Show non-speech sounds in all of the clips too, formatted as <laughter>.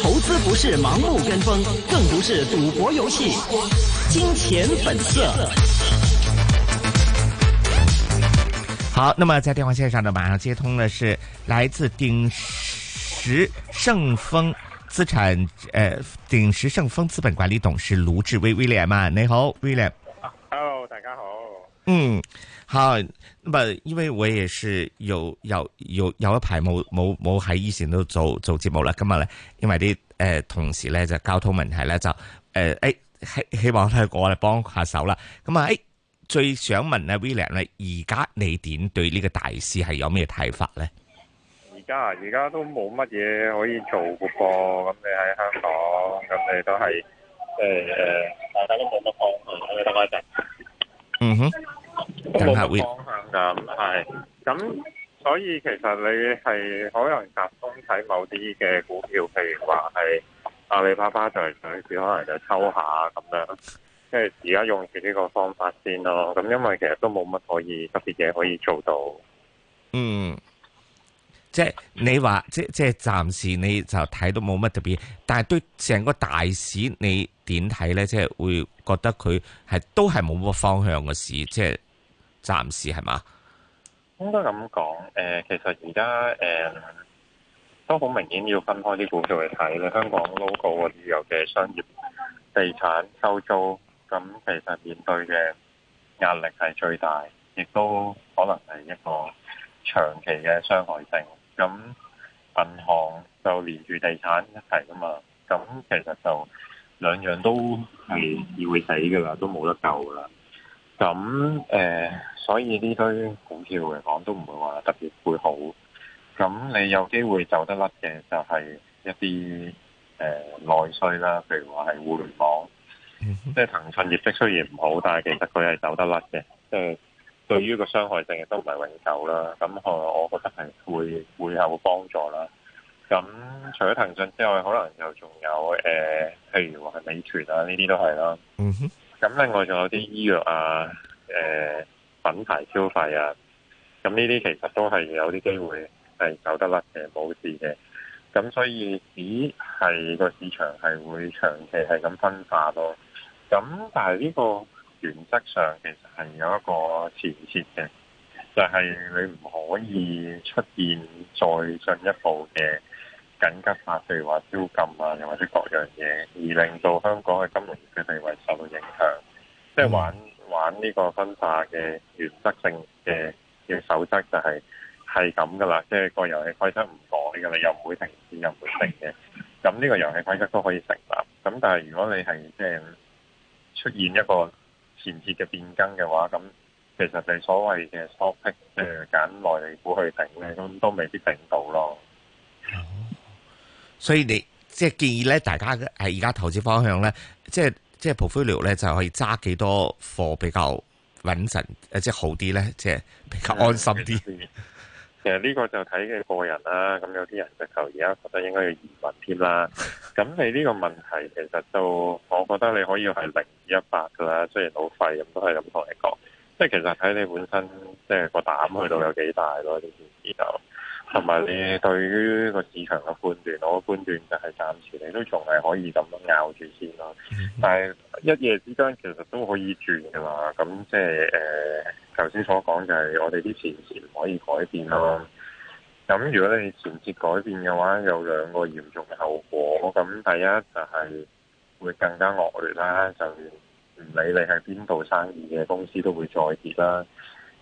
投資不是盲目跟風，更不是賭博遊戲，金錢本色。好，那麼在電話線上呢，馬上接通的是來自鼎石盛豐資產，呃，鼎石盛豐資本管理董事盧志威威廉嘛，William. 你好，William。啊，Hello，大家好。嗯，好。咁啊，因為我也是有有有有一排冇冇冇喺以前都做做節目啦。今日咧，因為啲誒、呃、同事咧就交通問題咧就誒誒希希望咧我哋幫下手啦。咁啊誒，最想問阿 Willie 咧，而家你點對呢個大市係有咩睇法咧？而家啊，而家都冇乜嘢可以做噶噃。咁你喺香港，咁你都係誒誒，大家都冇乜方向嗯哼。方向噶，係咁，所以其實你係可能集中喺某啲嘅股票，譬如話係阿里巴巴就係上市，可能就抽下咁樣。即係而家用住呢個方法先咯。咁因為其實都冇乜可以特別嘢，可以做到。嗯，嗯即係即你話說，即即係暫時你就睇都冇乜特別，嗯、但係對成個大市你點睇咧？即係會覺得佢係都係冇乜方向嘅事。即係。暫時係嘛？應該咁講，誒、呃，其實而家誒都好明顯要分開啲股票嚟睇啦。香港 local 啊，旅遊嘅商業地產收租，咁其實面對嘅壓力係最大，亦都可能係一個長期嘅傷害性。咁銀行就連住地產一齊噶嘛，咁其實就兩樣都係要會死噶啦，都冇得救啦。咁誒、呃，所以呢堆股票嚟講都唔會話特別會好。咁你有機會走得甩嘅就係一啲誒、呃、內需啦，譬如話係互聯網，即係騰訊業績雖然唔好，但係其實佢係走得甩嘅。即係對於個傷害性亦都唔係永久啦。咁我、呃、我覺得係會會有幫助啦。咁除咗騰訊之外，可能又仲有誒、呃，譬如話係美團啊，呢啲都係啦。嗯哼。咁另外仲有啲醫藥啊，誒、呃，品牌消費啊，咁呢啲其實都係有啲機會係走得甩嘅，冇事嘅。咁所以只係個市場係會長期係咁分化咯。咁但係呢個原則上其實係有一個前設嘅，就係、是、你唔可以出現再進一步嘅。緊急法、啊，譬如話宵禁啊，又或者各樣嘢，而令到香港嘅金融嘅地位受到影響。即係玩、嗯、玩呢個分化嘅原則性嘅嘅守則就係係咁噶啦，即係個遊戲規則唔改噶啦，又唔會停止，又唔會停嘅。咁呢個遊戲規則都可以成立。咁但係如果你係即係出現一個前設嘅變更嘅話，咁其實係所謂嘅 shopping 即係揀內地股去頂，咧，咁都未必頂到咯。所以你即係、就是、建議咧，大家喺而家投資方向咧，即係即係 portfolio 咧，就是、就可以揸幾多貨比較穩陣，誒、就是，即係好啲咧，即係比較安心啲。其實呢個就睇你個人啦，咁有啲人直頭而家覺得應該要移民添啦。咁你呢個問題其實就，我覺得你可以係零一百噶啦，雖然老廢咁都係咁同你講，即係其實睇你本身即係個膽去到有幾大咯，啲意思就。同埋你對於個市場嘅判斷，我嘅判斷就係暫時你都仲係可以咁樣咬住先咯。但係一夜之間其實都可以轉噶嘛。咁即係誒，頭、呃、先所講就係我哋啲前設唔可以改變咯。咁、嗯、如果你前設改變嘅話，有兩個嚴重嘅後果。咁第一就係會更加惡劣啦，就唔理你係邊度生意嘅公司都會再跌啦。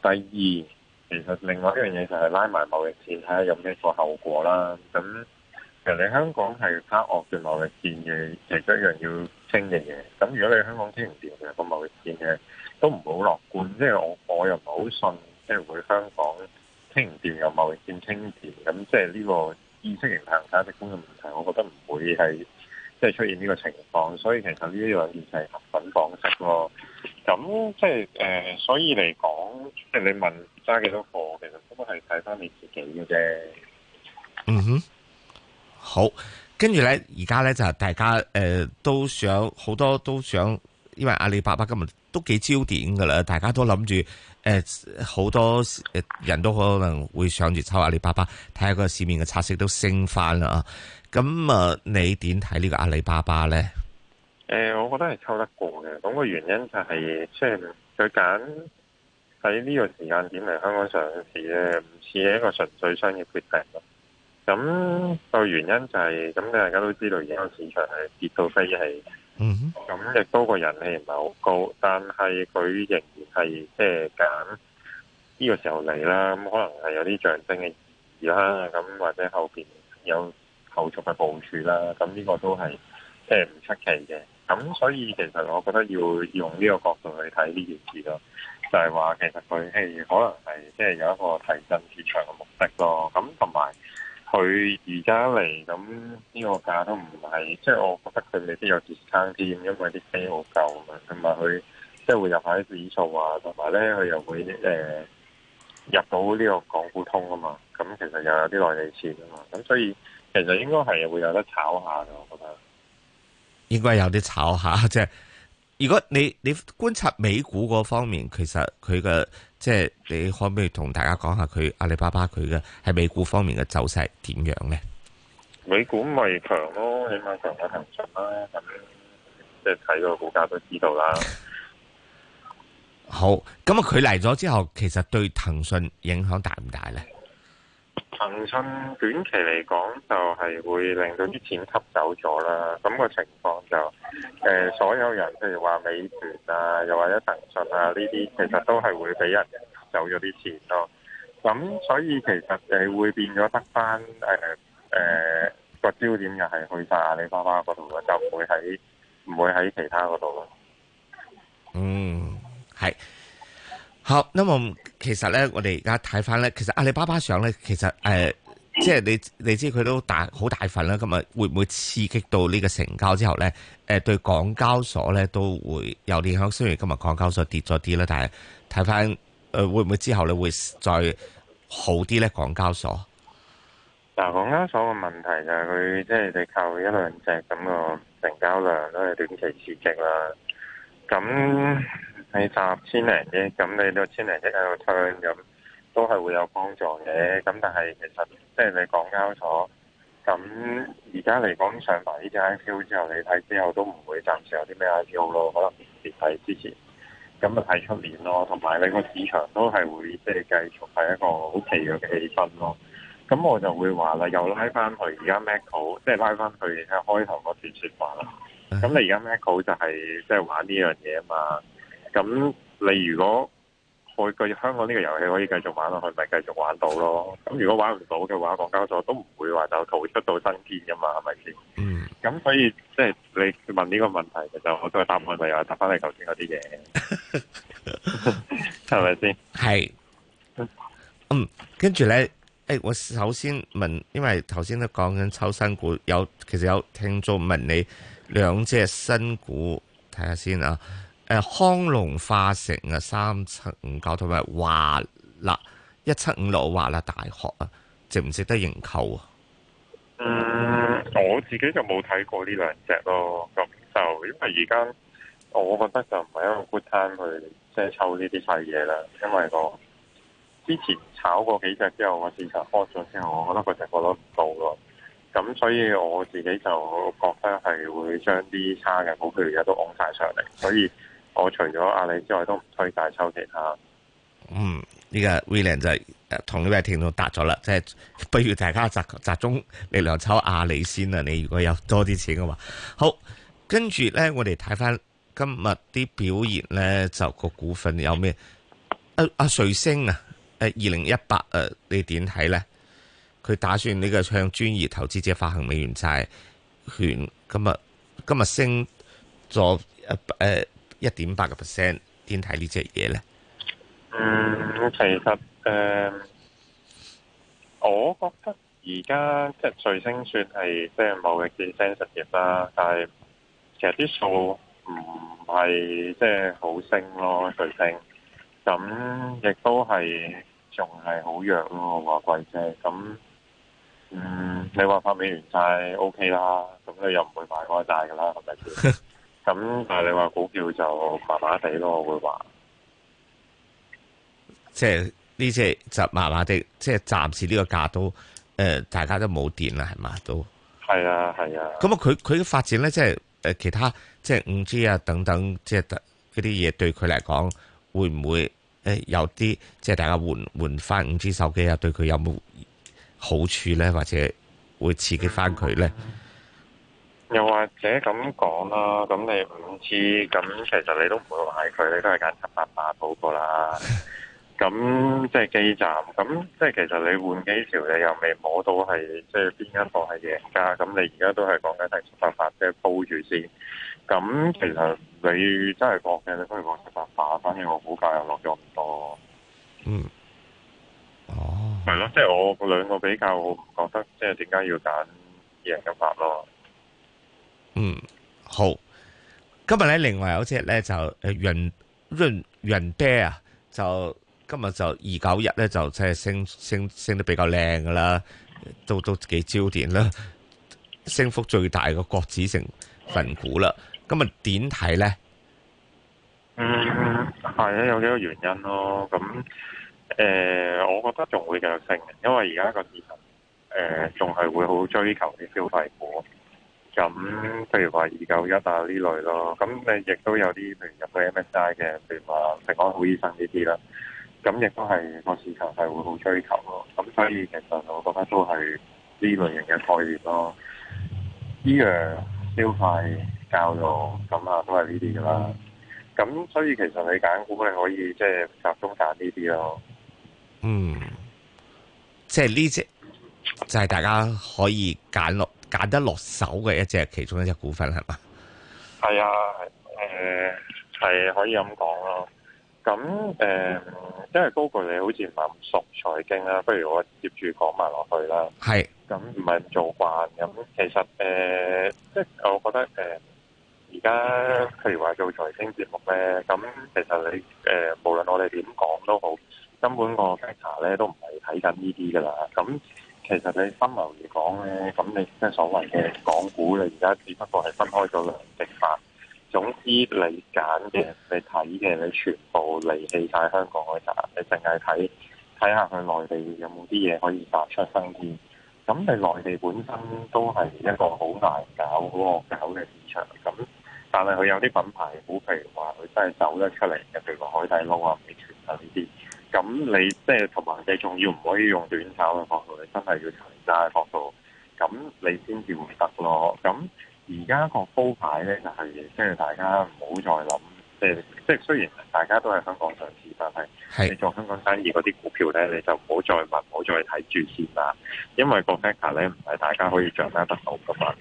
第二。其實另外一樣嘢就係拉埋貿易戰，睇下有咩個後果啦。咁其實你香港係卡惡嘅貿易戰嘅，其中一樣要清嘅嘢。咁如果你香港清唔掂嘅個貿易戰嘅，都唔好樂觀。即係我我又唔係好信，即係會香港清唔掂有貿易戰清掂。咁即係呢個意識形態價值觀嘅問題，我覺得唔會係即係出現呢個情況。所以其實呢一樣嘢係粉講式咯。咁即係誒，所以嚟講，即係你問揸幾多貨，其實都係睇翻你自己嘅啫。嗯哼，好，跟住咧，而家咧就係大家誒、呃、都想好多都想，因為阿里巴巴今日都幾焦點噶啦，大家都諗住誒，好、呃、多人都可能會想住抽阿里巴巴，睇下個市面嘅拆息都升翻啦啊！咁啊，你點睇呢個阿里巴巴咧？誒，我覺得係抽得過嘅，咁個原因就係，即係佢揀喺呢個時間點嚟香港上市咧，唔似係一個純粹商業決定咯。咁個原因就係，咁大家都知道而家市場係跌到飛起，咁亦都個人氣唔係好高，但係佢仍然係即係揀呢個時候嚟啦。咁可能係有啲象徵嘅意啦，咁或者後邊有後續嘅部署啦。咁呢個都係即係唔出奇嘅。咁所以，其實我覺得要用呢個角度去睇呢件事咯，就係話其實佢係可能係即係有一個提振市場嘅目的咯。咁同埋佢而家嚟咁呢個價都唔係，即係我覺得佢未必有支撐添，因為啲飛好夠啊，同埋佢即係會入下啲指數啊，同埋咧佢又會誒、呃、入到呢個港股通啊嘛。咁其實又有啲內地錢啊嘛。咁所以其實應該係會有得炒下嘅，我覺得。應該有啲炒下。即係如果你你觀察美股嗰方面，其實佢嘅，即係你可唔可以同大家講下佢阿里巴巴佢嘅喺美股方面嘅走勢點樣呢？美股咪強咯，起碼同我騰訊啦，咁即係睇個股價都知道啦。好，咁啊佢嚟咗之後，其實對騰訊影響大唔大呢？騰訊短期嚟講就係會令到啲錢吸走咗啦，咁個情況就誒所有人，譬如話美團啊，又或者騰訊啊呢啲，其實都係會俾人走咗啲錢咯。咁所以其實誒會變咗得翻誒誒個焦點又係去曬阿里巴巴嗰度啦，就唔會喺唔會喺其他嗰度。嗯，係。好，咁啊，其實咧，我哋而家睇返咧，其實阿里巴巴上咧，其實誒，即係你你知佢都大好大份啦。今日會唔會刺激到呢個成交之後咧？誒、呃，對港交所咧都會有影響。雖然今日港交所跌咗啲啦，但係睇返誒，會唔會之後咧會再好啲咧？港交所？嗱、呃，港交所嘅問題就係佢即係你靠一兩隻咁個成交量，都係短期刺激啦。咁。嗯係集千零億，咁你都千零億喺度唱，咁都係會有幫助嘅。咁但係其實，即係你港交所，咁而家嚟講上埋呢啲 I P O 之後，你睇之後都唔會暫時有啲咩 I P O 咯。我覺得係之前，咁啊睇出年咯，同埋你個市場都係會即係繼續係一個好疲弱嘅氣氛咯。咁我就會話啦，又拉翻去而家 Macau，即係拉翻去開頭嗰段說話啦。咁你而家 Macau 就係即係玩呢樣嘢啊嘛。咁你如果佢嘅香港呢個遊戲可以繼續玩落去，咪繼續玩到咯。咁如果玩唔到嘅話，港交所都唔會話就逃出到新天噶嘛，係咪先？嗯。咁所以即係、就是、你問呢個問題嘅時候，我都係答案就係答翻你頭先嗰啲嘢，係咪先？係。嗯。跟住咧，誒、哎，我首先問，因為頭先都講緊抽新股，有其實有聽眾問你兩隻新股，睇下先啊。誒、呃，康龍化成三層 56, 值值啊，三七五九同埋華立一七五六華立大學啊，值唔值得認購啊？嗯，我自己就冇睇過呢兩隻咯，咁就因為而家我覺得就唔係一個 good time 去即係抽呢啲細嘢啦，因為我之前炒過幾隻之後我事場 o 咗之後，我覺得隻個值覺得唔到咯，咁所以我自己就覺得係會將啲差嘅股譬如都拱晒上嚟，所以。我除咗阿里之外，都唔推介抽其他。嗯，呢、這個 William 就誒同呢位聽眾答咗啦，即係不如大家集集中力量抽阿里先啦。你如果有多啲錢嘅話，好。跟住咧，我哋睇翻今日啲表現咧，就個股份有咩？誒、啊，阿、啊、瑞星啊，誒、啊，二零一八誒，你點睇咧？佢打算呢個向專業投資者發行美元債券，今日今日升咗誒誒。啊啊一點八個 percent，點睇呢隻嘢咧？嗯，其實誒、呃，我覺得而家即係瑞星算係即係貿易嘅 business 業啦，但係其實啲數唔係即係好升咯，瑞星咁亦都係仲係好弱咯，話貴啫。咁嗯，你話發美元債 OK 啦，咁你又唔會賣外債噶啦，係咪 <laughs> 咁但係你話股票就麻麻地咯，我會話，即係呢，即係就麻麻地，即係暫時呢個價都誒、呃，大家都冇電啦，係嘛都。係啊，係啊。咁啊，佢佢嘅發展咧，即係誒，其他即係五 G 啊等等，即係嗰啲嘢對佢嚟講，會唔會誒、欸、有啲即係大家換換翻五 G 手機啊？對佢有冇好處咧？或者會刺激翻佢咧？嗯又或者咁講啦，咁你 5G 咁，其實你都唔會買佢，你都係揀七八八好過啦。咁即係基站，咁即係其實你換機潮，你又未摸到係即係邊一個係贏家。咁你而家都係講緊係七八八，即係鋪住先。咁其實你真係講嘅，你不如講七八八，反正我股價又落咗咁多。嗯。哦。係咯，即係我兩個比較，覺得即係點解要揀贏一八咯。嗯，好。今日咧，另外有隻咧就誒潤潤潤啤啊，就今日就二九日咧就即係升升升得比較靚噶啦，都都幾焦點啦。升幅最大嘅國指成分股啦，今日點睇咧？嗯，係啊，有幾個原因咯。咁誒、呃，我覺得仲會繼續升，因為而家個市場誒仲係會好追求啲消費股。咁譬如話二九一啊呢類咯，咁你亦都有啲譬如入去 M S I 嘅，譬如話平安好醫生呢啲啦，咁亦都係個市場係會好追求咯。咁所以其實我覺得都係呢類型嘅概念咯，醫藥、消費、教育，咁啊都係呢啲噶啦。咁所以其實你揀股係可以即係、就是、集中揀呢啲咯。嗯，即係呢隻就係、是就是、大家可以揀落。揀得落手嘅一隻，其中一隻股份係嘛？係啊，誒、哎，係、呃、可以咁講咯。咁誒、呃，因為高哥你好似唔係咁熟財經啦，不如我接住講埋落去啦。係是。咁唔係做慣，咁其實誒、呃，即係我覺得誒，而、呃、家譬如話做財經節目咧，咁其實你誒、呃，無論我哋點講都好，根本我查咧都唔係睇緊呢啲噶啦，咁。其實你分流嚟講咧，咁你即係所謂嘅港股你而家只不過係分開咗兩隻飯。總之你揀嘅、你睇嘅，你全部離棄晒香港嗰扎，你淨係睇睇下佢內地有冇啲嘢可以發出生意。咁你內地本身都係一個好難搞、好惡搞嘅市場。咁但係佢有啲品牌，好譬如話佢真係走得出嚟嘅，譬如話海底撈啊、美團啊呢啲。咁你即係、就是、同埋你仲要唔可以用短炒嘅角度，你真係要長揸嘅角度，咁你先至會得咯。咁而家個鋪牌咧就係，即係大家唔好再諗，即係即係雖然大家都喺香港上市，但係你做香港生意嗰啲股票咧，你就唔好再問，唔好再睇住先啦。因為個 factor 咧唔係大家可以掌握得到嘅嘛。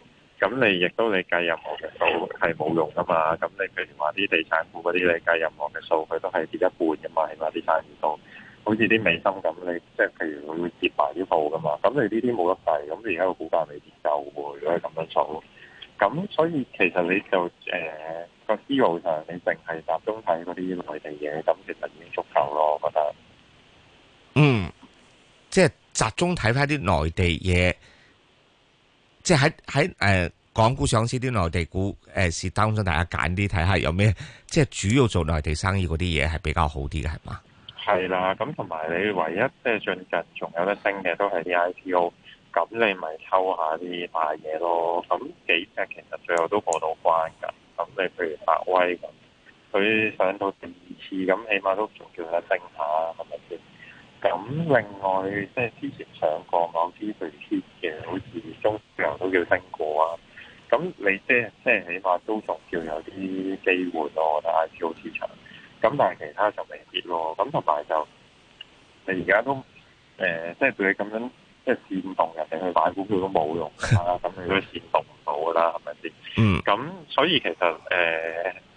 咁你亦都你計任何嘅數係冇用噶嘛？咁你譬如話啲地產股嗰啲，你計任何嘅數，佢都係跌一半噶嘛？起碼啲生意都好似啲美心咁，你即係譬如佢會跌埋啲鋪噶嘛？咁你呢啲冇得計，咁你而家個股價未跌夠喎？如果係咁樣做，咁所以其實你就誒個思路上，你淨係集中睇嗰啲內地嘢，咁其實已經足夠咯。我覺得，嗯，即係集中睇返啲內地嘢。即喺喺誒港股上市啲內地股，誒是當中大家揀啲睇下看看，有咩，即係主要做內地生意嗰啲嘢係比較好啲嘅係嘛？係啦，咁同埋你唯一即係最近仲有得升嘅都係啲 IPO，咁你咪抽下啲賣嘢咯。咁幾隻其實最後都過到關㗎。咁你譬如百威咁，佢上到第二次咁，起碼都仲叫佢升下係咪先？咁另外，即係之前上過某啲類似嘅，好似中石油都叫升過啊。咁你即係即係起碼都仲要有啲機會咯。我覺得 IPO 市場。咁但係其他就未必咯。咁同埋就你而家都誒、呃，即係對你咁樣即係煽動人哋去買股票都冇用㗎啦。咁 <laughs> 你都煽動唔到㗎啦，係咪先？嗯。咁所以其實誒，啲、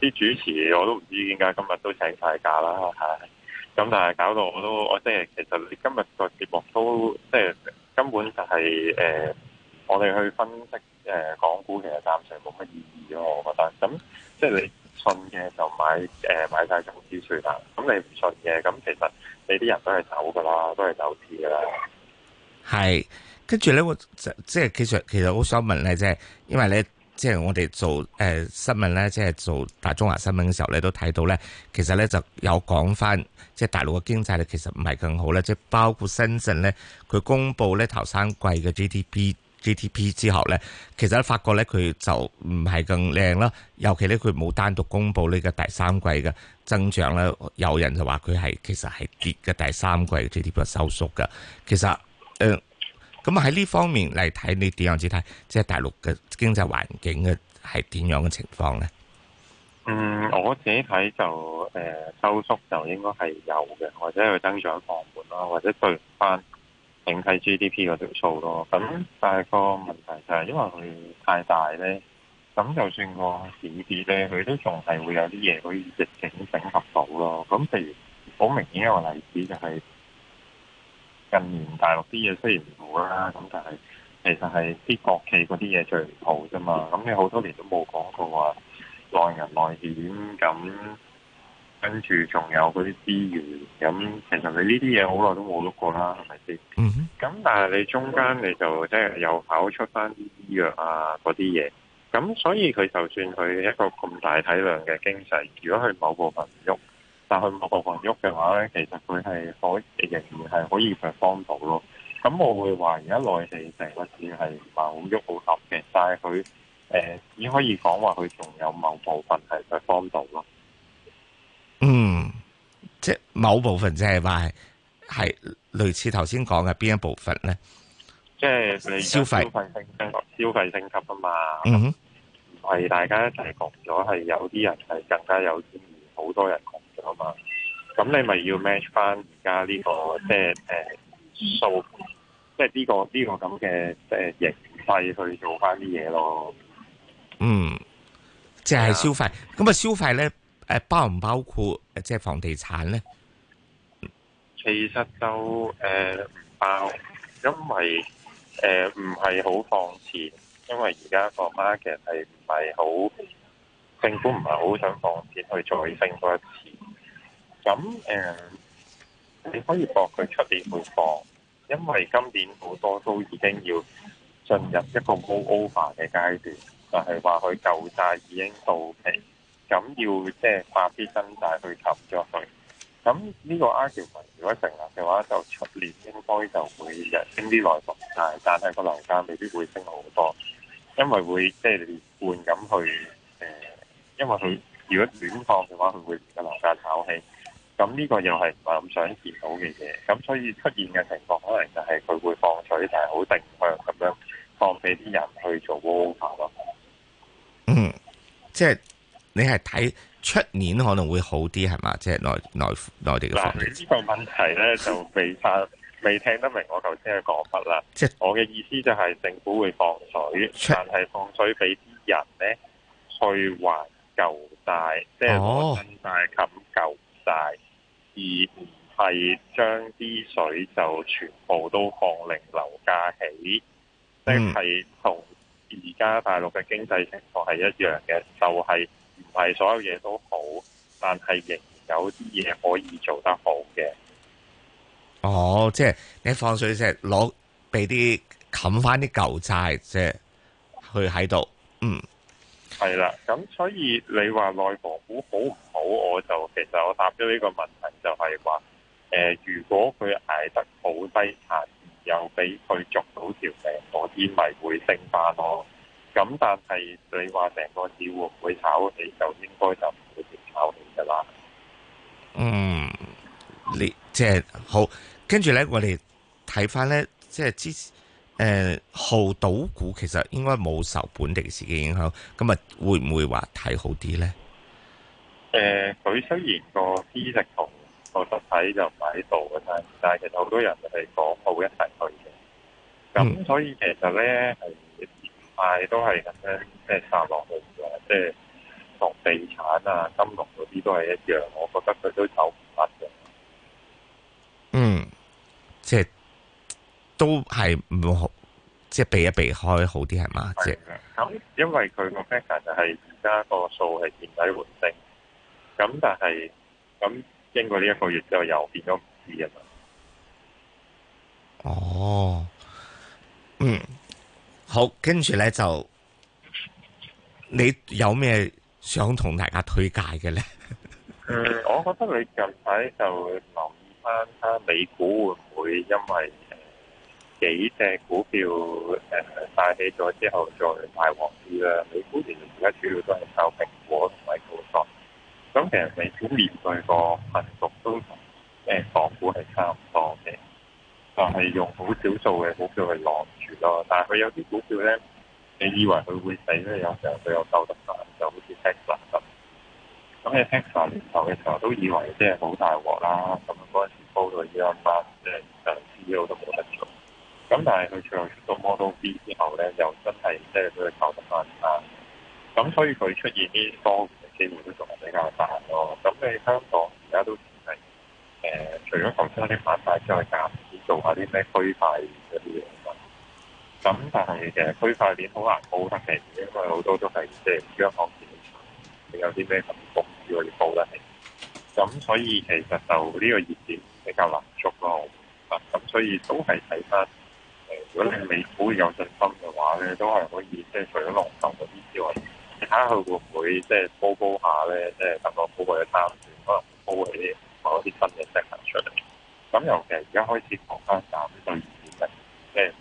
呃、主持我都唔知點解今日都請曬假啦。咁但係搞到我都，我即、就、係、是、其實你今日個節目都即係、就是、根本就係、是、誒、呃，我哋去分析誒、呃、港股其實暫時冇乜意義咯，我覺得。咁即係你信嘅就買誒、呃、買晒投資算啦。咁你唔信嘅，咁、嗯、其實你啲人都係走噶啦，都係走資噶啦。係，跟住咧，我即係其實其實我想問你啫，因為你。即係我哋做誒、呃、新聞咧，即係做大中華新聞嘅時候咧，都睇到咧，其實咧就有講翻，即係大陸嘅經濟咧，其實唔係更好咧，即係包括新政咧，佢公布咧頭三季嘅 GDP、GDP 之後咧，其實發覺咧佢就唔係更靚啦，尤其咧佢冇單獨公布呢個第三季嘅增長咧，有人就話佢係其實係跌嘅第三季嘅 GDP 收縮㗎，其實誒。嗯咁喺呢方面嚟睇，你點樣睇？即係大陸嘅經濟環境嘅係點樣嘅情況咧？嗯，我自己睇就誒、呃、收縮就應該係有嘅，或者佢增長放緩啦，或者對翻整體 GDP 嗰條數咯。咁但係個問題就係因為佢太大咧，咁就算個市跌咧，佢都仲係會有啲嘢可以直情整合到咯。咁譬如好明顯一個例子就係、是。近年大陸啲嘢雖然唔好啦，咁但係其實係啲國企嗰啲嘢最唔好啫嘛。咁你好多年都冇講過話內銀內險，咁跟住仲有嗰啲資源，咁其實你呢啲嘢好耐都冇喐過啦，係咪先？咁、mm hmm. 但係你中間你就即係又跑出翻啲藥啊嗰啲嘢，咁所以佢就算佢一個咁大體量嘅經濟，如果佢某部分喐。但係某部分喐嘅話咧，其實佢係可仍然係可以再幫到咯。咁我會話而家內地成個市係唔係好喐好諗嘅，但係佢誒只可以講話佢仲有某部分係再幫到咯。嗯，即係某部分即係話係係類似頭先講嘅邊一部分咧？即係消費消費升消費升級啊嘛。嗯哼，係大家一齊講咗，係有啲人係更加有錢，好多人。咁你咪要 match 翻而家呢個即係數，即係呢個呢個咁嘅即係盈虧去做翻啲嘢咯。嗯，即係消費，咁啊消費咧誒包唔包括即係房地產咧？嗯、其實就誒唔包，因為誒唔係好放錢，因為而家個 market 係唔係好，政府唔係好想放錢去再升多一次。咁誒，uh, 你可以搏佢出年會放，因為今年好多都已經要進入一個冇 over 嘅階段，就係話佢舊債已經到期，咁要即係發啲新債去冚咗佢。咁呢個 argument 如果成立嘅話，就出年應該就會日升啲內房，但係個樓價未必會升好多，因為會即係換咁去誒、呃，因為佢如果短放嘅話，佢會個樓價炒起。咁呢個又係唔係咁想見到嘅嘢？咁所以出現嘅情況，可能就係佢會放水，但係好定向咁樣放俾啲人去做波頭咯。嗯，即係你係睇出年可能會好啲係嘛？即係內內內地嘅房地。你呢個問題咧就未發， <laughs> 未聽得明我頭先嘅講乜啦。即係我嘅意思就係政府會放水，出但係放水俾啲人咧去還舊債，即係攞新債冚舊債。而唔係將啲水就全部都放零樓價起，嗯、即係同而家大陸嘅經濟情況係一樣嘅，就係唔係所有嘢都好，但係仍然有啲嘢可以做得好嘅。哦，即係你放水即係攞俾啲冚返啲舊債，即係去喺度，嗯。係啦，咁所以你話內房股好唔好，好？我就其實我答咗呢個問題就，就係話，誒，如果佢捱得好低殘，又俾佢續到條命，我先咪會升翻咯。咁但係你話成個市會，會炒，起，就應該就唔會炒起嘅啦。嗯，你即係好，跟住咧，我哋睇翻咧，即係之。前。誒，濠賭、呃、股其實應該冇受本地市嘅影響，咁啊會唔會話睇好啲咧？誒，佢雖然個 P 值同個實體就唔喺度嘅，但係其實好多人係講好一齊去嘅，咁所以其實咧係連帶都係咁樣，即係殺落去嘅，即係房地產啊、金融嗰啲都係一樣，我覺得佢都走唔甩嘅。嗯，即係。都係唔好，即係避一避開好啲係嘛？即係咁，因為佢個 factor 就係而家個數係年底回升，咁但係咁經過呢一個月之後又變咗唔知啊嘛。哦，嗯，好，跟住咧就，你有咩想同大家推介嘅咧？嗯，我覺得你近排就留意翻翻美股會唔會因為？幾隻股票誒帶、呃、起咗之後，再大鑊啲啦。美股其實而家主要都係靠蘋果同埋股創。咁其實美股面對個民族都同誒港股係差唔多嘅，就係用好少數嘅股票去攞住咯。但係佢有啲股票咧，你以為佢會死咧，有時候佢又救得翻，就好似 Tesla 咁。咁你 Tesla 唔嘅時候，都以為即係好大鑊啦。咁啊，嗰陣時煲到啲啱班，即係 CEO 都冇得做。咁但係佢最後出到 Model B 之後咧，又真係即係佢嘅投資翻，咁、就是、所以佢出現呢多元嘅機會都仲係比較大咯、哦。咁你香港而家都係誒、呃，除咗房產啲板塊之外，夾啲做下啲咩區塊嗰啲嘢。咁但係誒區塊鏈好難報得起，因為好多都係即係唔一樣行業你有啲咩特別公司可以報得起？咁所以其實就呢個熱點比較難捉咯。咁所以都係睇翻。如果你美股有信心嘅話咧，都係可以，即係除咗龍頭嗰啲之外，其他佢會唔會即係煲煲下咧？即係等個煲位嘅階段，可能煲起某一啲新嘅成分出嚟。咁尤其係而家開始降翻減息利率，即係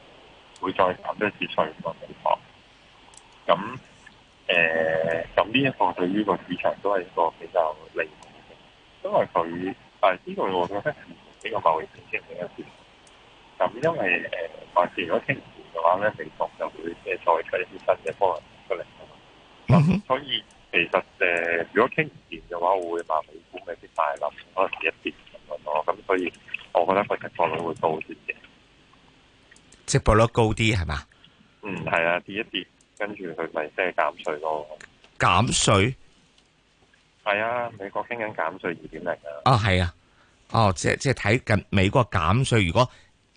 會再減一次。財務嘅壓力。咁誒，咁呢一個、呃、個對於個市場都係一個比較利好嘅，因為佢，但係呢個我覺得呢個貿易戰先重要啲。咁因為誒，暫、呃、時如果傾唔掂嘅話咧，美國就會誒再搵啲新嘅方案出嚟。嗯哼，所以其實誒、呃，如果傾唔掂嘅話，我會話美股嘅跌大啦，可能跌一跌咁樣咯。咁所以我覺得個積保率會高啲嘅，積保率高啲係嘛？嗯，係啊，跌一跌，跟住佢咪即係減稅咯。減稅？係啊，美國傾緊減稅二點零啊。啊，係啊，哦，即係即係睇緊美國減稅，如果。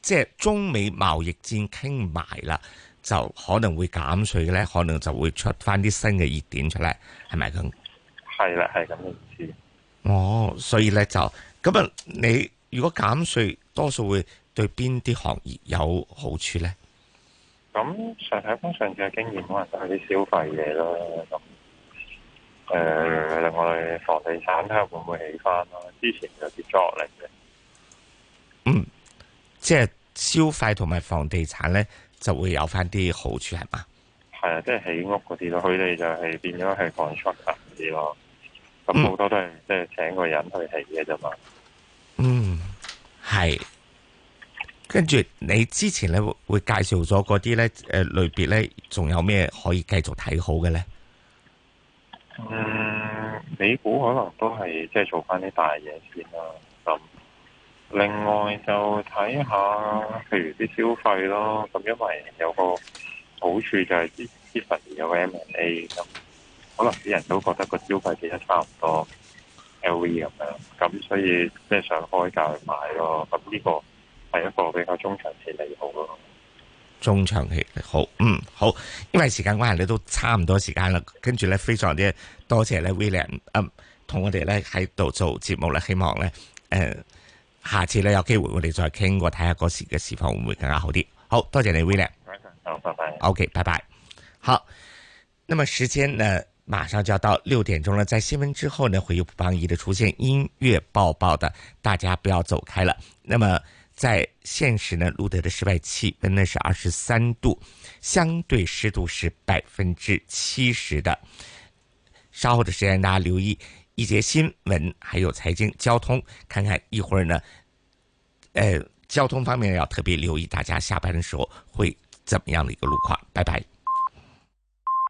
即係中美貿易戰傾埋啦，就可能會減稅嘅咧，可能就會出翻啲新嘅熱點出嚟，係咪咁？係啦，係咁嘅意思。哦，所以咧就咁啊，你如果減稅，多數會對邊啲行業有好處咧？咁上睇通常嘅經驗可能就係啲消費嘢咯，咁誒，另外房地產睇下會唔會起翻咯，之前就跌咗落嚟嘅。嗯，即係。消費同埋房地產咧，就會有翻啲好處係嘛？係啊，即係起屋嗰啲咯，佢哋就係變咗係 contract 嗰啲咯，咁好多都係即係請個人去起嘢啫嘛。嗯，係。跟住你之前咧會介紹咗嗰啲咧，誒、呃、類別咧，仲有咩可以繼續睇好嘅咧、嗯啊？嗯，美股可能都係即係做翻啲大嘢先啦，咁。另外就睇下，譬如啲消費咯，咁因為有個好處就係啲 Tiffany 有 M&A 咁，A，可能啲人都覺得個消費其實差唔多，LV 咁樣，咁所以即係想開價去買咯。咁呢個係一個比較中長期利好咯。中長期好，嗯好，因為時間關係，你都差唔多時間啦。跟住咧，非常之多謝咧 William，同、呃、我哋咧喺度做節目咧，希望咧，誒、呃。下次咧有機會我哋再傾過，睇下嗰時嘅市況會唔會更加好啲？好多謝你，威廉。OK，拜拜。好，那麼時間呢，馬上就要到六點鐘了。在新聞之後呢，會有不方儀的出現，音樂爆爆的，大家不要走開了。那麼在現實呢，錄得的室外氣溫呢是二十三度，相對濕度是百分之七十的。稍後的時間，大家留意一節新聞，還有財經、交通，看看一會兒呢。誒、哎，交通方面要特別留意，大家下班的時候會怎麼樣的一個路況？拜拜。